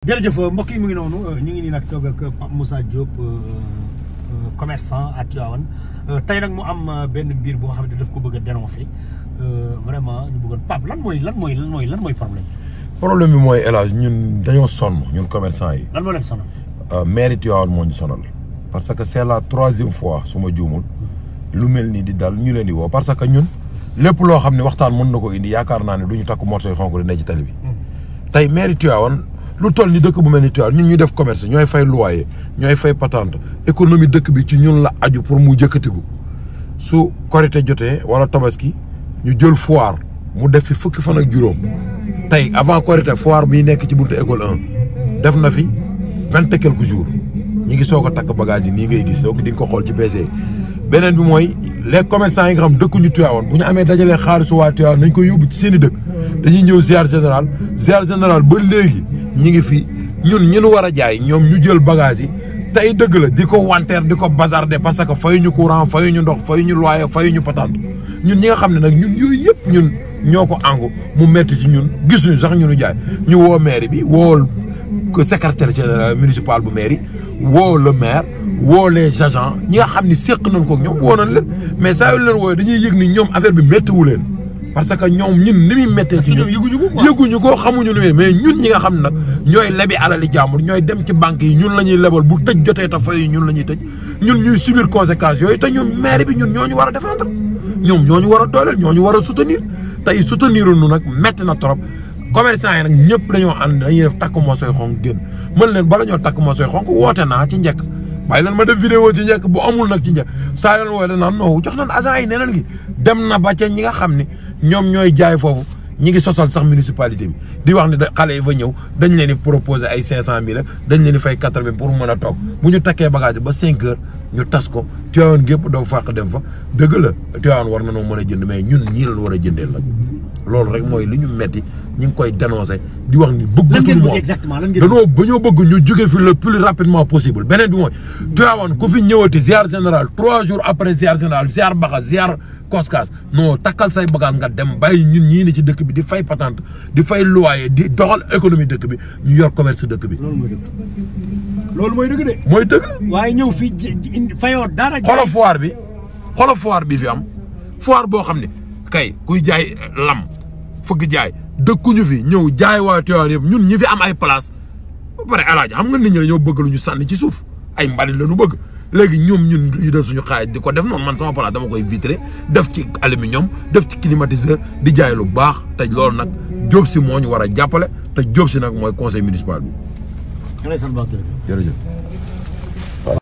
jërëjëf mbokk yi mu ngi noonu euh, ñu ngi nii nag toog ak euh, Pape Moussa Diop euh, commerçant à Tivaouane tey nag mu am benn mbir boo xam ne daf ko bëgg a fi vraiment ñu bëggoon Pape lan lan mooy lan mooy lan mooy problème problème mooy El ñun dañoo sonn ñun commerçant yi. lan moo leen sonal. mairie moo ñu sonal. parce que c' est la troisième fois su ma juumul lu mel nii di daal ñu leen di woo parce que ñun lépp loo xam ne waxtaan mën na ko indi yaakaar naa ne du ñu takk morso yu xonk di ne ci tali bi mm. tey mairie Tivaouane lu toll ni dëkk bu mel ni Tivaouane ñun ñuy def commerce ñooy fay loyer ñooy fay patente économie dëkk bi ci ñun la aju pour mu jëkkatigu su korite jotee wala tabaski ñu jël foire mu def fi fukki fan ak juróom tey avant korite foire bi nekk ci buntu école 1 def na fi vingt et quelques jours ñu ngi soog a takk bagage yi nii ngay gis soo di nga ko xool ci PC beneen bi mooy les commerçants yi nga xam dëkk ñu Tivaouane bu ñu amee dajalee xaalisu waa Tivaouane nañ ko yóbbu ci seeni i dëkk dañuy ñëw ziar général ziar général ba léegi. ñi ngi fi ñun ñu war a jaay ñoom ñu jël bagage yi tey dëgg la di ko wanteer di ko bazarder parce que fayu ñu courant fayu ñu ndox fayu ñu loyer fay ñu patante ñun ñi nga xam ne nag ñun yooyu yëpp ñun ñoo ko àngu mu metti ci ñun gisuñu sax ñu nu jaay ñu woo maire bi wool secrétaire général municipal bu woo le maire woo les agents ñi nga xam ni séq nañ ko ñoom woo nañ leen mais saa yu leen dañuy yëg ni ñoom affaire bi méttiwu leen parce que ñoom ñun ni muy méttee si ñun yëguñu ko xamuñu lu muy mais ñun ñi nga xam nag ñooy lebi alali jàmbur ñooy dem ci banque yi ñun la ñuy lebal bu tëj jotee te fayu ñun la ñuy tëj ñun ñuy subir conséquences yooyu te ñun maire bi ñun ñooñu war a défendre ñoom ñooñu war a dooleel ñooñu war a soutenir tey soutenir nu nag métti na trop commerçant yi nag ñëpp dañoo ànd dañuy def takk mosoy xonk génn mën leen bala ñoo takk mosoy xonk woote naa ci njëkk bàyyi lan ma def vidéo ci njëkk bu amul nag ci njëkk saa yoon woote naan non jox nañ agent yi neneen gi dem na ba ca ñi nga xam ni ñoom ñooy jaay foofu ñi ngi sosal sax municipalité bi di wax ne da xale yi fa ñëw dañ leen di proposer ay cinq cent mille dañ leen fay quatre-vingt pour mën a toog bu ñu takkee bagage ba cinq heures ñu tas ko Tivaouane gépp daw fàq dem fa dëgg la Tivaouane war na a jënd mais ñun ñii war a jëndee nag rek mooy li ñu metti ñu koy dénoncé di wax ni bëggatul moom ba ñoo bëgg ñu jóge fi le plus rapidement possible beneen bi mooy Tivaouane ku fi ñëwati ziar général trois jours après ziar général ziar baxa ziar koskaas non say bagage nga dem bàyyi ñun ñii ci dëkk bi di fay patente di fay loyer di doxal économie dëkk bi ñu yor commerce dëkk bi loolu mooy dëgg indi fayoo dara. xolo foire bi xolo bi fi am foire boo xam ne kay kuy jaay eh, lam fëgg jaay dëkkuñu fi ñëw jaay waat Tivaouane yëpp ñun ñi fi am ay place ba pare am xam nga nit ñi bëgg lu ñu sànni ci suuf ay mbalit la ñu bëgg léegi ñoom ñun ñu def suñu xaaj di ko def noonu man sama place dama koy vitré def ci aluminium def ci climatiseur di jaay lu baax te loolu nag Diop si moo ñu war a jàppale te Diop si nag mooy conseil municipal bi. jërëjëf.